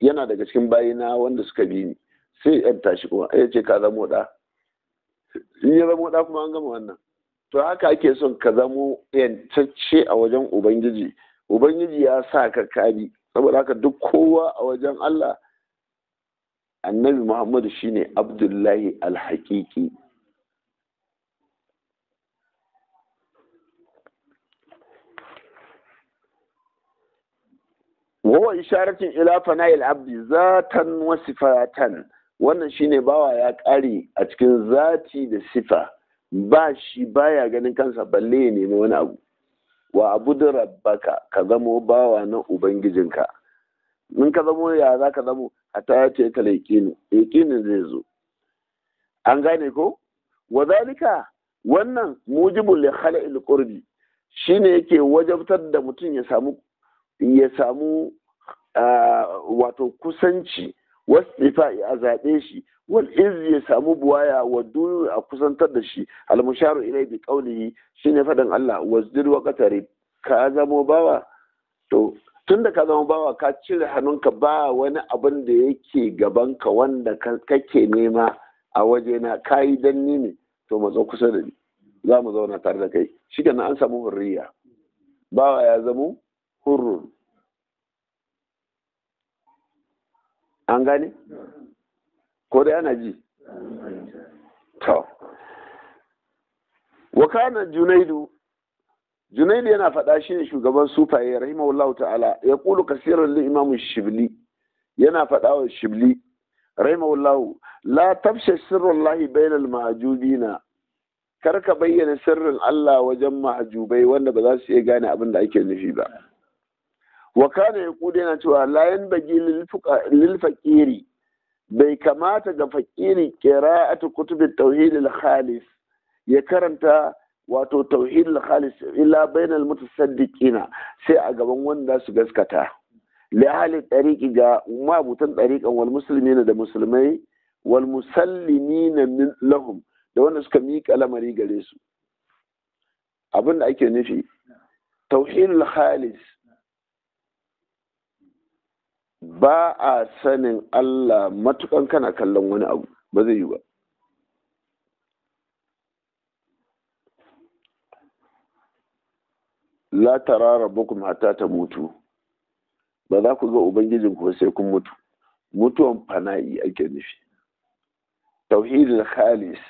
yana daga cikin bayina wanda suka bi ni sai ya tashi kuma ya ce ka zamo ɗa in ya zamo ɗa kuma an gama wannan to haka ake son ka zamo yantacce a wajen ubangiji ubangiji ya sa ka kari saboda haka duk kowa a wajen Allah annabi Muhammadu shine Abdullahi Al alhaƙiƙi wa isharatin ila fana'il abdi zatan wa sifatan wannan shine bawa ya ƙare a cikin zati da sifa ba shi baya ganin kansa balle ya nemi wani abu wa abu da rabbaka ka zamo bawa na ubangijinka in ka zamo ya za ka zamo a ta ce ka laikinu zai zo an gane ko wa zalika wannan mujibul li khala'il qurbi shine yake wajabtar da mutum ya samu ya samu wato kusanci wasu wasifa'i a zaɓe shi wal ya samu buwaya wa duru a kusantar da shi almusharu ilai bi qawlihi shine faɗin Allah wazdir wa ka zamo bawa to tun da ka zama bawa ka cire hannunka ba wani abin da yake gabanka wanda kake nema a waje na kayi don ne to matso kusa da ni za mu zauna tare da kai shi an samu hurriya bawa ya zamo hurrun an gane ko da yana ji to wakana junaidu junaidu yana faɗa shi ne shugaban sufaye rahimahullahu ta'ala ya kulu kasirar li imamu shibli yana faɗa wa shibli rahimahullahu la tafshe sirrullahi bainal ma'ajubina kar ka bayyana sirrin Allah wajen ma'ajubai wanda ba za su iya gane abin da ake nufi ba wa ya yaqulu yana cewa layan bagi lil bai kamata ga faƙiri qira'atu ta kutubin tauhid al-khalis ya karanta wato tauhid al-khalis illa bainal mutasaddiqina sai a gaban wanda su gaskata li ahli tariqi ga mabutan tariqan wal na da musulmai wal na lahum da wanda suka miƙa lamari gare su abin da ake nufi tauhid al-khalis ba a sanin Allah matukan kana kallon wani abu ba zai yi ba la tara rabbakum hatta ta mutu ba za ku ga Ubangijin ba sai kun mutu mutuwan fana'i ake nufi tauhidul khalis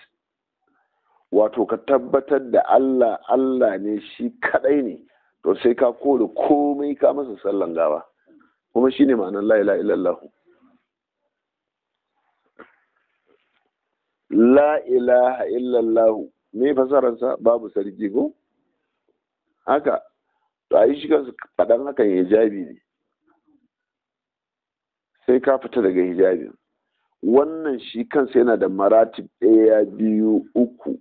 wato ka tabbatar da Allah Allah ne shi kadai ne to sai ka kore komai ka masa sallan gawa kuma shine ma'anar la ilaha illallah la illallah me fasararsa babu sarki ko haka to a yi shi kansu kadan hakan hijabi ne sai ka fita daga hijabi, wannan shi kansa yana da maratib ɗaya biyu uku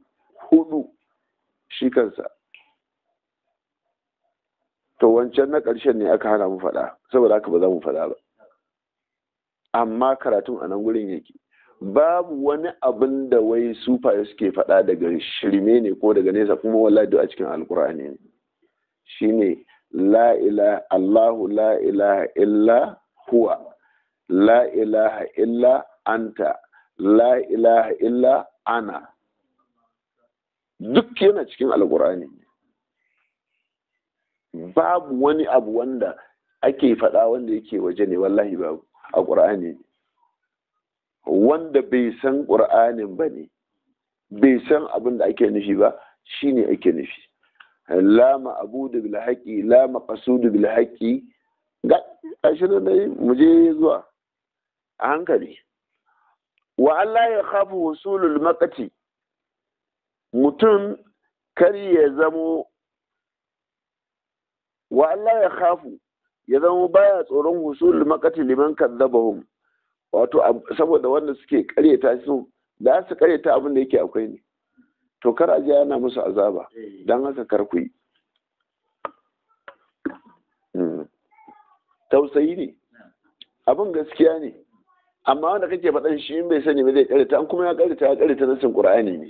hudu shi kansa to wancan na ƙarshen ne aka hana mu faɗa saboda haka ba za mu faɗa ba amma karatun a nan gurin yake babu wani abin da wai sufaye suke faɗa daga shirme ne ko daga nesa kuma wallahi a cikin alkur'ani ne shine la ilaha allahu la ilaha illa huwa la ilaha illa anta la ilaha illa ana duk yana cikin alkur'ani ne babu wani abu wanda ake faɗa wanda yake waje ne wallahi babu a ƙur'ani wanda bai san ƙur'anin ba ne bai san abin da ake nufi ba shine ake nufi la ma'budu bil haqqi la da bil haƙi ga ashirin dai mu je zuwa a hankali wa Allah ya khafu wasulul maqati mutum kar ya zamo wa Allah ya khafu ya zama baya tsoron husul hmm. makati liman kazzabahum wato saboda wanda suke kareta su da su kareta abin da yake akwai ne to kar aje yana musu azaba eh. dan haka kar ku yi hmm. tausayi ne hmm. abin gaskiya ne amma wanda kake faɗan shi in bai sani ba zai kareta an kuma ya kareta ya karyata nasin qur'ani ne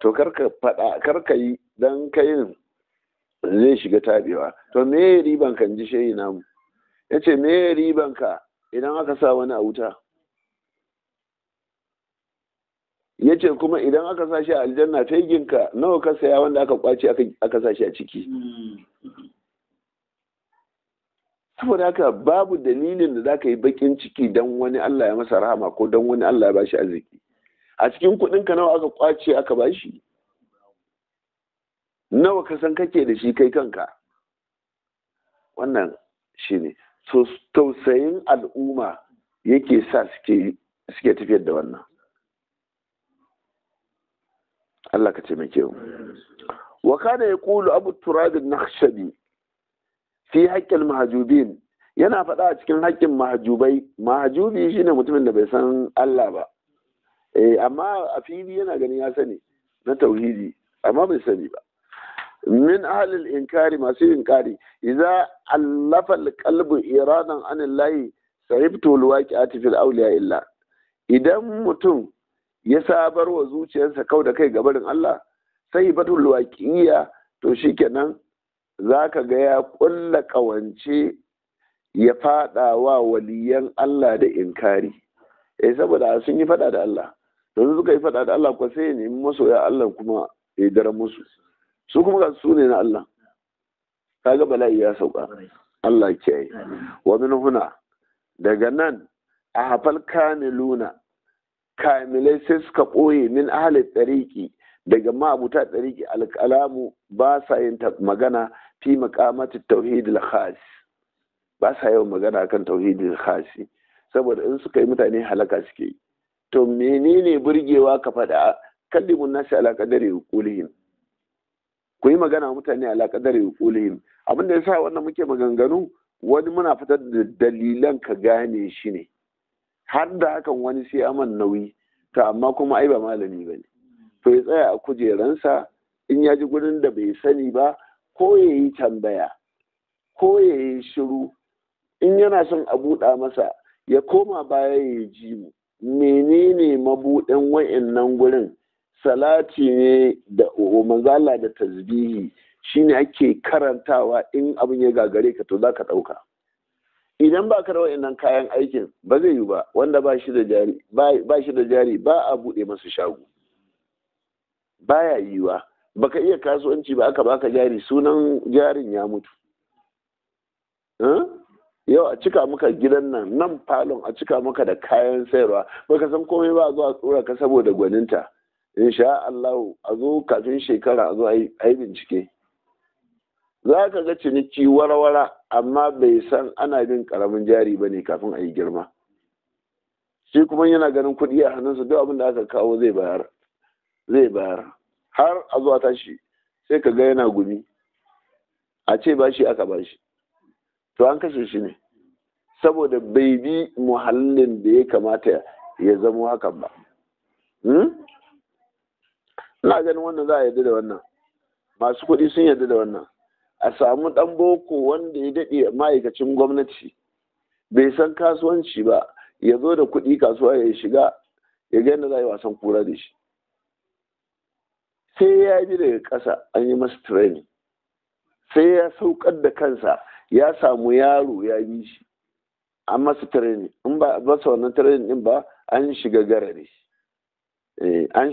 to kar ka faɗa kar ka yi dan kayin zai shiga taɓewa to me riban kan ji shehi namu ya ce me riban ka idan aka sa wani a wuta ya ce kuma idan aka sa shi a aljanna ta yi ginka nawa ka saya wanda aka kwace aka sa shi a ciki saboda haka babu dalilin da zaka yi bakin ciki don wani Allah ya masa rahama ko don wani Allah ya bashi arziki a cikin kuɗinka nawa aka kwace aka bashi nawa ka san kake da shi kai kanka wannan shi ne so tausayin al'umma yake sa suke tafiyar da wannan Allah ka ce mai wa kana ya kulu abu turabin shabi. fi haƙƙin mahajubin yana faɗa a cikin haƙƙin mahajubai mahajubi shine mutumin da bai san Allah ba eh, amma a fili yana ganin ya sani na tauhidi amma bai sani ba min halin inkari masu inkari idza allafa alqalbu iradan an allahi a alwaqi'ati fil awliya illa idan mutum ya sabarwa zuciyarsa kau da kai gabarin Allah sahibatul waqiya to shi shikenan zaka ga ya ƙulla ƙawance ya fada wa waliyan Allah da inkari E, saboda sun yi faɗa da Allah don suka yi faɗa da Allah ko sai ya nemi masoya Allah kuma ya dara musu su kuma ga su ne na Allah kaga bala'i ya sauka Allah kiyaye wa min huna daga nan a hafal kamiluna kamilai sai suka ɓoye min ahli tsariki daga ma'abuta tsariki alƙalamu ba sa yin magana fi makamati tauhidil Khasi. ba sa yawan magana kan tauhidil khasi saboda in suka yi mutane halaka suke yi to menene burgewa ka faɗa kallimun nasi ala kadari kulihin. ku yi magana mutane ala kadari uqulihim abin da yasa wannan muke maganganu wani muna fitar da dalilan ka gane shi ne har da hakan wani sai aman nauyi to amma kuma ai ba malami ba ne. to ya tsaya a kujeransa in ya ji gurin da bai sani ba ko ya yi tambaya ko ya yi shiru in yana son a buɗa masa ya koma baya ya ji mu menene mabuɗin wa'annan gurin salati ne da manzala da tasbihi shine ake karantawa in abin ya gagare ka to za ka ɗauka idan ba ka da wa'annan kayan aikin ba zai yi ba wanda ba shi da jari ba shi da jari ba a buɗe masa shago baya yiwa baka iya kasuwanci ba aka baka jari sunan jarin ya mutu yau a cika maka gidan nan nan falon a cika maka da kayan sayarwa baka san komai ba zuwa tsora ka saboda gwaninta insha Allah a zo kafin shekara a zo a yi bincike za ka ga ciniki warwara amma bai san ana bin karamin jari ba ne kafin a yi girma shi kuma yana ganin kuɗi a hannunsa duk abin da aka kawo zai bayar zai bayar har a zuwa tashi sai ka ga yana gumi a ce ba shi aka ba to an kashe shi ne saboda bai bi muhallin da ya kamata ya zamo hakan ba hmm? ina ganin wannan za a yarda da wannan masu kuɗi sun yarda da wannan a samu ɗan boko wanda ya daɗe ma'aikacin gwamnati bai san kasuwanci ba ya zo da kuɗi kasuwa ya shiga ya ga za a yi wasan kura da shi sai ya bi daga ƙasa an yi masa training sai ya saukar da kansa ya samu yaro ya bi shi an masa training in ba masa wannan training din ba an shiga garare eh, an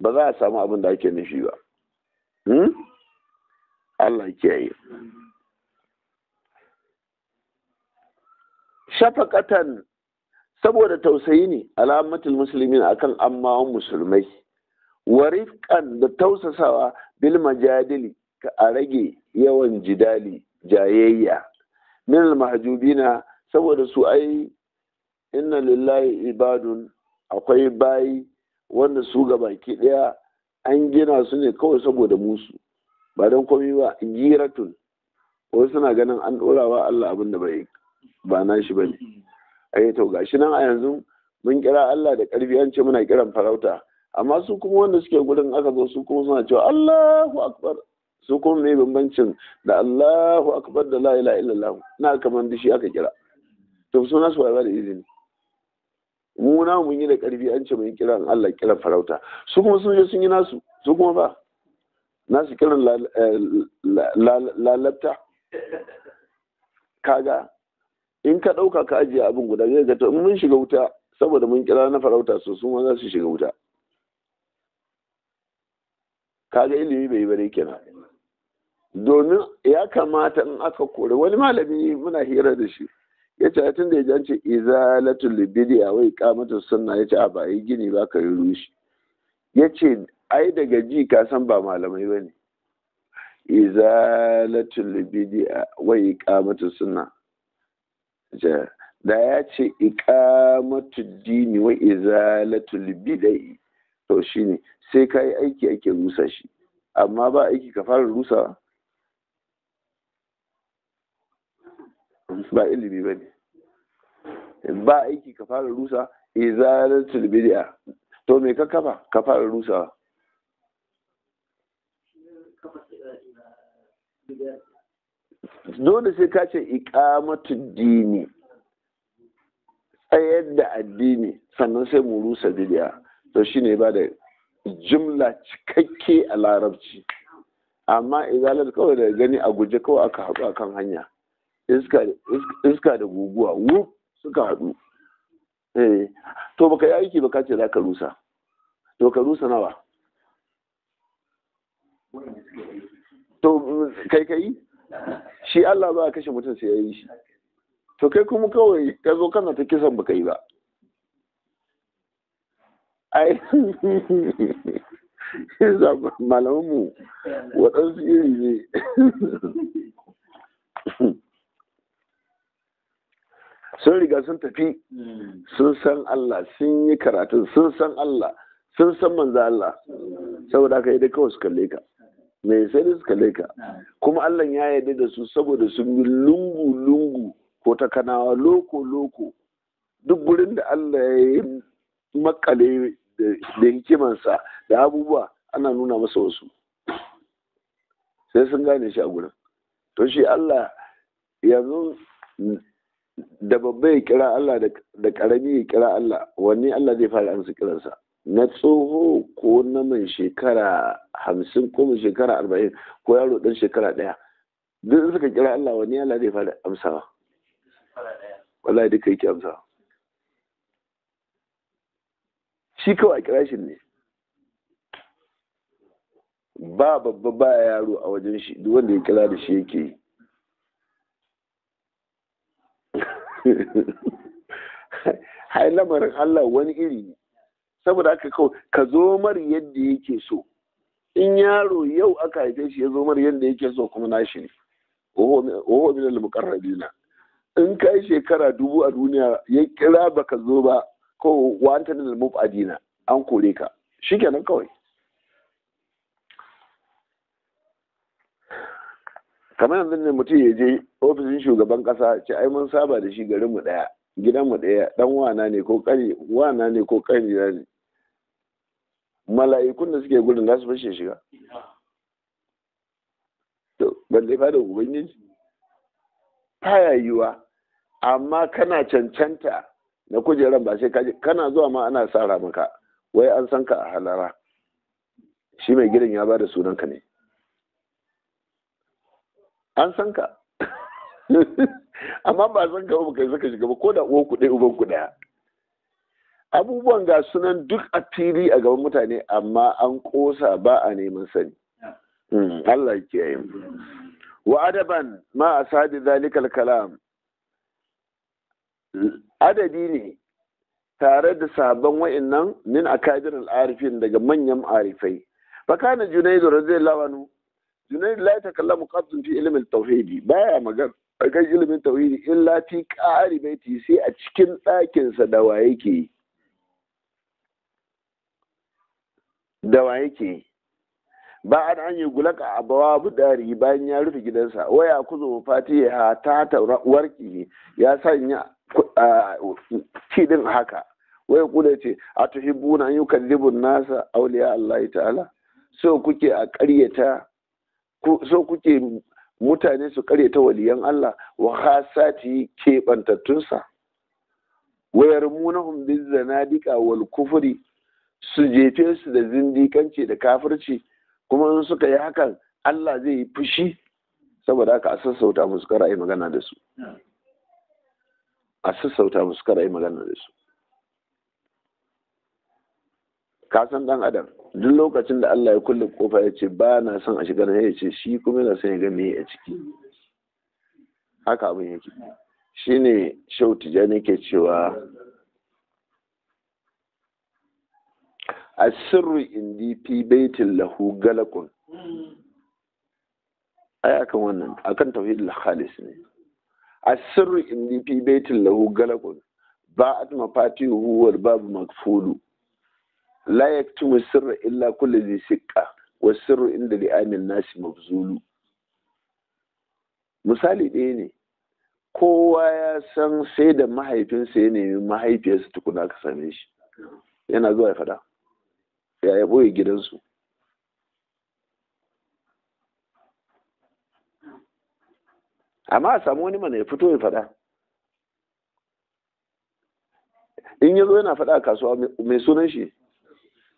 ba za a samu abin da ake nufi ba hmm? Allah kiyaye Shafaƙatan saboda tausayi ne alamatul musulmin akan ammawan musulmai wariƙan da tausasawa bil majadili ka a rage yawan jidali jayayya min al mahjubina saboda su ai inna lillahi ibadun akwai bayi wanda su ga baki daya an gina su ne kawai saboda musu ba don komai ba giratun wasu suna ganin an ɗora wa Allah abin da bai ba na shi bane ai to gashi nan a yanzu mun kira Allah da ƙarfi an ce muna kiran farauta amma su kuma wanda suke gurin aka zo su kuma suna cewa Allahu akbar su kuma mai bambancin da Allahu akbar da la ilaha illallah na kaman dishi aka kira to suna su ba da izini mu na mun yi da karfi an ce mun kiran Allah kiran farauta su kuma sun je sun yi nasu su kuma ba nasu kiran eh, lalabta kaga in ka ɗauka ka ajiye abin guda zai ga in mun shiga wuta saboda mun kira na farauta su su ma za su shiga wuta kaga ilimi bai bare kenan domin ya kamata in aka kore wani malami muna hira da shi ce tun da ya jance izalatul libidiya wai kamata sunna ce a ba yi gini ba ka yi rushi ce ai daga ji ka san ba malamai bane izalatul a wai iqamatu sunna da ya ce iqamatu dini wa izalatul bid'i to shine sai yi aiki ake rusa shi amma ba aiki ka fara rusa ba ilimi ba ne ba aiki ka fara rusa eh, to me ka kafa ka fara rusa? dole sai ka ce ikamatu dini tsayar da addini sannan sai mu rusa bidiya to shine ba da jumla cikakke a larabci amma izalar kawai da gani a guje kawai aka haɗu a kan hanya iska da guguwa wuf suka haɗu eh, to baka yi aiki ba kace ce za ka rusa to ka rusa nawa to kai kai shi Allah ba kashe mutum sai ya yi shi to kai kuma kawai ka zo kana ta kisan baka yi ba ai malamu waɗansu iri ne sun riga sun tafi hmm. sun san Allah sun yi karatun sun san Allah sun san manzo Allah saboda haka yadda kawai su kalle ka me sai da su kalle ka kuma Allah ya yarda da su saboda sun yi lungu lungu ko ta kanawa loko loko duk gurin da Allah ya yi makale da hikimansa da abubuwa ana nuna masa wasu sai sun gane shi a gurin to shi Allah yanzu da babba ya kira Allah da karami ya kira Allah wanne Allah zai fara amsa kiransa na tsoho ko na mai shekara hamsin ko mai shekara arba'in ko yaro dan shekara ɗaya duk suka kira Allah wanne Allah zai fara amsawa wallahi duka yake amsawa shi kawai a kira shi ne ba babba ba yaro a wajen shi duk wanda ya kira da shi yake yi hai lamarin Allah wani iri ne saboda haka kawai ka zo mar yadda yake so in yaro yau aka haife shi ya zo mar yadda yake so kuma nashi ne oho min al-muqarrabina in kai shekara dubu a duniya ya kira baka zo ba ko wanta anta min mufadina an kore ka shikenan kawai kamar yanzu ne mutum ya je ofishin shugaban kasa ce ai mun saba da shi garin mu daya gidan mu daya dan wana ne ko kani wana ne ko ne mala'ikun da suke gudun za su fashe shiga to ban dai da ubangiji ta yiwa amma kana cancanta na kujeran ba sai kaje kana zuwa ma ana sara maka wai an san ka a halara shi mai gidan ya bada sunanka ne an san ka amma ba san ka ba kai saka shiga ba ko da uwan ku uban abubuwan ga sunan duk a fili a gaban mutane amma an ƙosa ba a neman sani hmm, Allah ya kiyaye mu wa adaban ma asadi zalikal kalam adadi ne tare da sabon wa'annan min akadir arifin daga manyan arifai kana junaidu radiyallahu anhu junaid la yatakallamu qatun fi ilmi tauhidi baya magana kan ilimin tauhidi in lati ƙari baiti sai a cikin ɗakinsa da waye ke yi da waye ke ba an an yi gulaka a bawa budari bayan ya rufe gidansa waya kuzo fati ha ta taura warki ya sanya kidin haka waya kula ce a tuhibbuna an yi kallibun nasa auliya Allah ta'ala so kuke a ƙaryata so kuke mutane su ta waliyan Allah wa ke keɓantattunsa wayar munahum bin zanadika wal kufuri su jefe su da zindikanci da kafirci kuma in suka yi hakan Allah zai yi fushi saboda haka a sassauta musu kara yi magana da su a sassauta musu kara yi magana da su ka san dan adam duk lokacin da Allah ya kulle kofa ya ce ba na son a shiga nan ya ce shi kuma yana son ya ga meye a ciki haka abin yake shine shau tijani ke cewa a sirri indi fi baitin lahu galakun ai akan wannan akan Tauhid khalis ne a sirri indi fi baitin lahu galakun ba'at mafatihu wal babu makfulu la yaktumu sirra illa kulle zai siqqa wa sirru inda li'amin nasi mafzulu. misali ɗaya ne kowa ya san sai da mahaifinsa ya nemi mahaifiyarsa tukuna ka same shi yana zuwa ya fada ya ya ɓoye gidansu amma a samu wani mana ya fito ya fada in ya zo yana fada a kasuwa mai sunan shi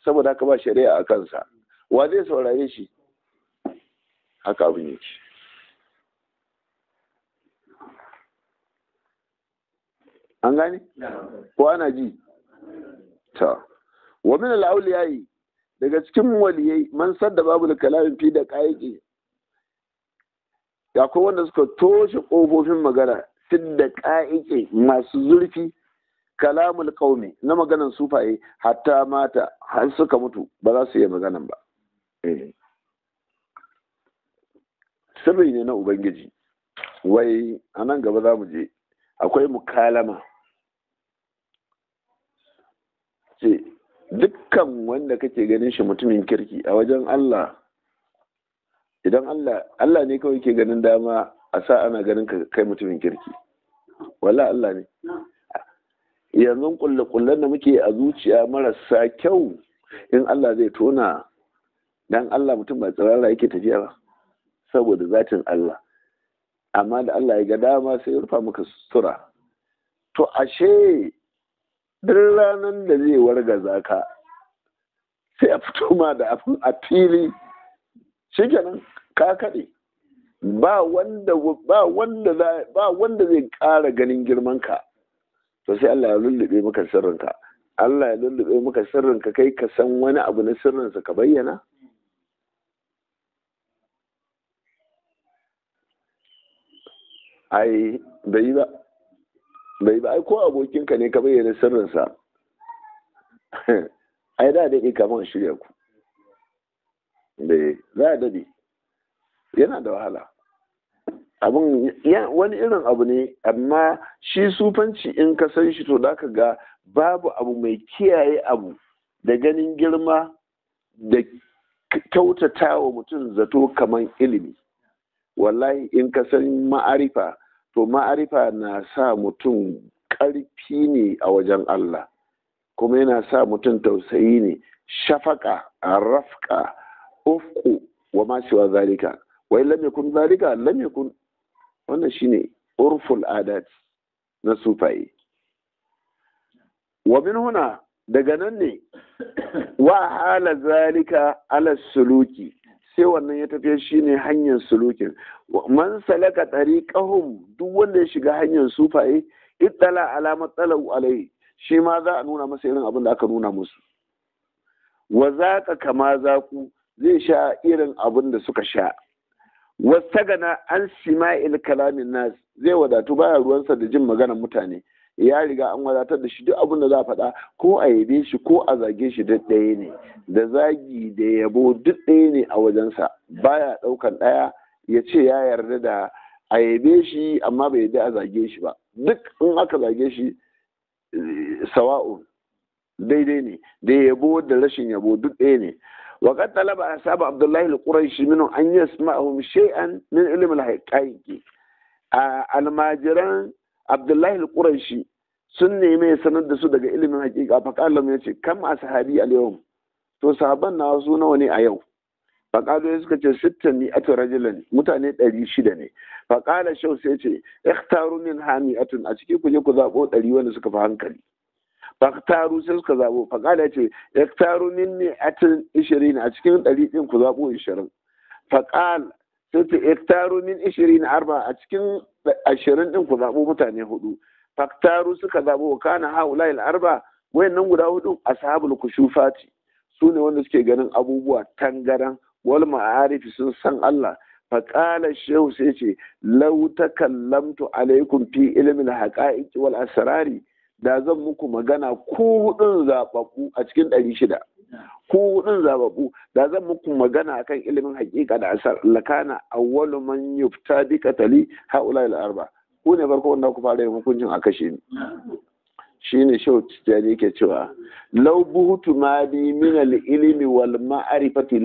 saboda haka ba shari'a a kansa wa zai saurare shi haka abin yake an gane ko ana ji ta wa min al daga cikin waliyai man sadda babu da kalamin fi da qayyiki akwai wanda suka toshe kofofin magana fi da qayyiki masu zurfi kalamul kaumi na maganan sufaye hatta mata har suka mutu ba za su iya maganan ba eh. sirri ne na ubangiji wai a nan gaba za mu je akwai mukalama ce dukkan wanda kake ganin shi mutumin kirki a wajen Allah idan Allah Allah ne kawai ke ganin dama a sa ana ganin kai mutumin kirki wala Allah ne yanzu kulle-kullen da muke a zuciya marasa kyau in Allah zai tona dan Allah mutum ba tsirara yake tafiya ba saboda zatin Allah amma da Allah ya ga dama sai ya rufa maka sutura to ashe duk ranar da zai warga zaka sai a fito ma da abin a fili shikenan ka kaɗe ba wanda ba wanda zai ƙara ganin girman ka to sai Allah ya lullube maka sirrinka Allah ya lullube maka sirrinka kai ka san wani abu na sirrinsa ka bayyana ai bai ba bai ba ai ko abokinka ne ka bayyana sirrinsa ai da daɗe kamar shirya ku bai za a daɗe yana da wahala abin wani irin abu ne amma shi sufanci in ka san shi to da ga babu abu mai kiyaye abu da ganin girma da kyautata wa mutum zato kamar ilimi wallahi in ka san ma'arifa to ma'arifa na sa mutum ƙarfi ne a wajen Allah kuma yana sa mutum tausayi ne shafaka rafka ufku wa ma shiwa wai lamikun zalika wannan shine urful adat na sufaye wa min huna daga nan ne wa hala zalika ala suluki sai wannan ya tafiya shine hanyar sulukin man salaka tariqahum duk wanda ya shiga hanyar sufaye ittala ala matsalau alai shi ma za a nuna masa irin abin da aka nuna musu wa zaka kama zaku zai sha irin abin da suka sha wastagana an sima'il kalamin nas zai wadatu baya ruwansa da jin maganar mutane ya riga an wadatar da shi duk abin da za a faɗa ko a yabe shi ko a zage shi duk ɗaya ne da zagi da yabo duk ɗaya ne a wajensa baya ɗaukan ɗaya ya ce ya yarda da a yabe shi amma bai yarda a zage shi ba duk in aka zage shi eh, sawa'un daidai ne da yabo da rashin yabo duk ɗaya ne وقد طلب أصحاب عبد الله القريشي منه أن يسمعهم شيئا من علم الحقائق almajiran abdullahi al sun nemi ya sanar da su daga ilimin hakika faƙalar ya ce kam a sahabi al yau to sahaban na su nawa ne a yau faƙalo suka ce sittan ni atu rajulan mutane ɗari shida ne faƙalar shau sai ce ikhtaru min a ciki ku je ku zaɓo ɗari wanda suka fi hankali faktaru sai suka zabo fakala ce yaktaru min mi'atin ishirin a cikin ɗari ɗin ku zabo ishirin fakal sai ta yaktaru min ishirin arba a cikin ashirin ɗin ku zabo mutane hudu faktaru suka zabo kana haula arba wayannan guda hudu ashabul kushufati su ne wanda suke ganin abubuwa tangaran wal ma'arifi sun san Allah faƙala shehu sai ce lau takallamtu alaikum fi ilmin haƙa'iƙi wal asrari da zan muku magana ko hudun zababbu a cikin ɗari shida ko hudun zababbu da zan muku magana a kan ilimin hakika da asar lakana wani man yufta bi qatali haula ila arba ku ne farko wanda ku fara yin hukuncin a kashe ni Shi ne shau tijani ke cewa Lau buhutu mali min al ilimi wal ma'rifati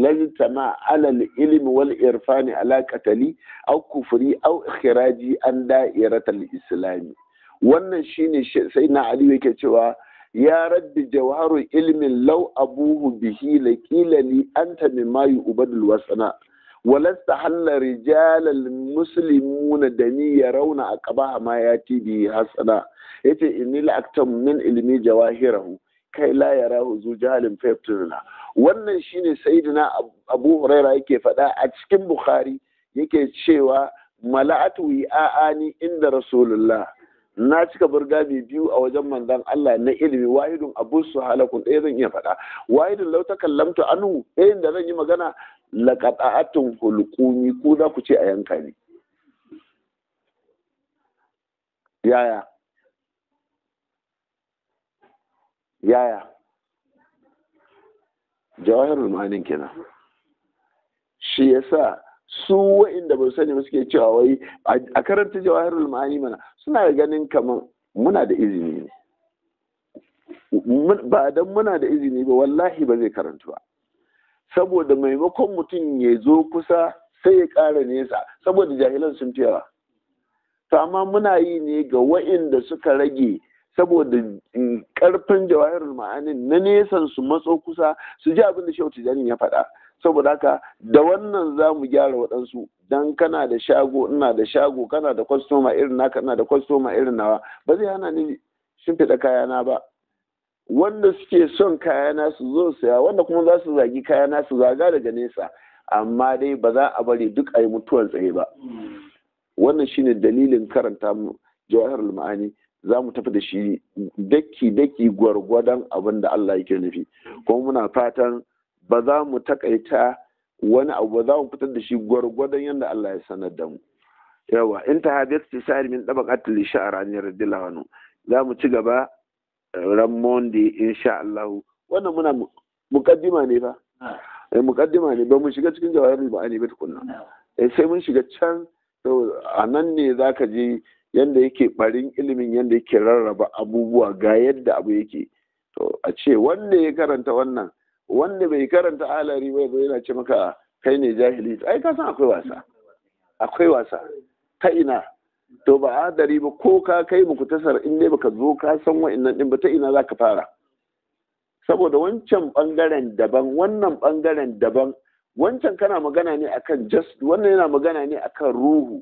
ma ala al ilimi wal irfani ala katali au kufuri au an da'iratal islami wannan shine sai na ali yake cewa ya rabbi jawaru ilmin lau abuhu bihi la qila li anta mimma yu'badul wasana walasta halla rijalal muslimuna da ni ya rauna a kabaha ma ya tibi hasana yace inni la'aktam min ilmi jawahirahu kai la yarahu zu jahalin faftuna wannan shine sayyidina abu huraira yake faɗa a cikin bukhari yake cewa mala'atu a'ani inda rasulullah na cika mai biyu a wajen manzan Allah na ilimi wahidun abu su halakun ɗaya zan iya faɗa wahidun lautakan lamta anu ɗayan da zan yi magana laƙaɗa'atun hulƙumi ko za ku ce a yanka ne yaya yaya jawahirul ma'anin kenan shi yasa su wa'inda ba sani suke cewa wai a karanta jawaharul ma'ani mana suna ganin kamar muna da izini ne ba dan muna da izini ba wallahi ba zai karanta ba saboda maimakon mutum ya zo kusa sai ya ƙara nesa saboda jahilan sun fi yawa amma muna yi ne ga wa'inda suka rage saboda karfin mm, jawahirul ma'anin na nesan su matso kusa su ji abin da shehu tijani ya faɗa saboda haka da wannan za mu gyara waɗansu dan kana da shago ina da shago kana da kwastoma irin naka ina da kwastoma irin nawa ba zai hana ni shimfiɗa kayana ba wanda suke son kayana su zo saya wanda kuma za su zagi kayana su zaga daga nesa amma dai ba za a bari duk a yi mutuwar tsaye ba hmm. wannan shine dalilin karanta mu jawahar ma'ani za mu tafi da shi daki-daki gwargwadon abin da Allah yake nufi kuma muna fatan ba za mu takaita wani abu ba za mu fitar da shi gwargwadon yadda Allah ya sanar da mu yawa in ta habi iktisari min daba qatl sha'ara ne radiyallahu wani za mu ci gaba ran monday insha Allah wannan muna mukaddima ne ba eh mukaddima ne ba mu shiga cikin ba ma'ani ba tukunna eh, sai mun shiga can a nan ne za ka je Yanda yake barin ilimin yanda yake rarraba abubuwa ga yadda abu yake to a ce wanda ya karanta wannan wanda bai karanta alari bai zo yana ce maka kai ne jahili ai ka san akwai wasa akwai wasa ta ina to ba dari ba ko ka kai muku tasar in dai baka zo ka san wa'annan din ba ta ina zaka fara saboda wancan bangaren daban wannan bangaren daban wancan kana magana ne akan just wannan yana magana ne akan ruhu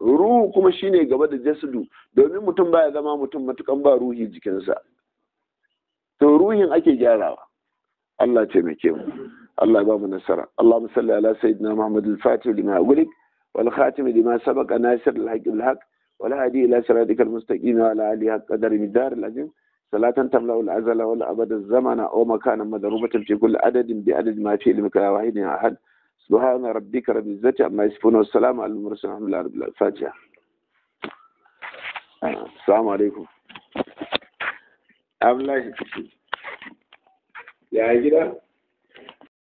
ruhu kuma shine gaba da jasadu domin mutum baya zama mutum matukan ba ruhi jikinsa to ruhin ake gyarawa Allah taimake mu Allah ba mu nasara Allah musalli ala sayyidina Muhammad al-Fatih lima gulik wal khatim lima sabaqa nasir al-haq al-haq wal hadi ila siratikal mustaqim wa ala alihi haqq qadar midar al-azim صلاة abada zamana, والأبد الزمن أو مكانا مدروبة في كل عدد بعدد ما في المكان واحد ahad سبحان ربك رب العزة عما يصفون والسلام على المرسلين الحمد لله رب العالمين الفاتحة السلام عليكم Abdullahi ya gida?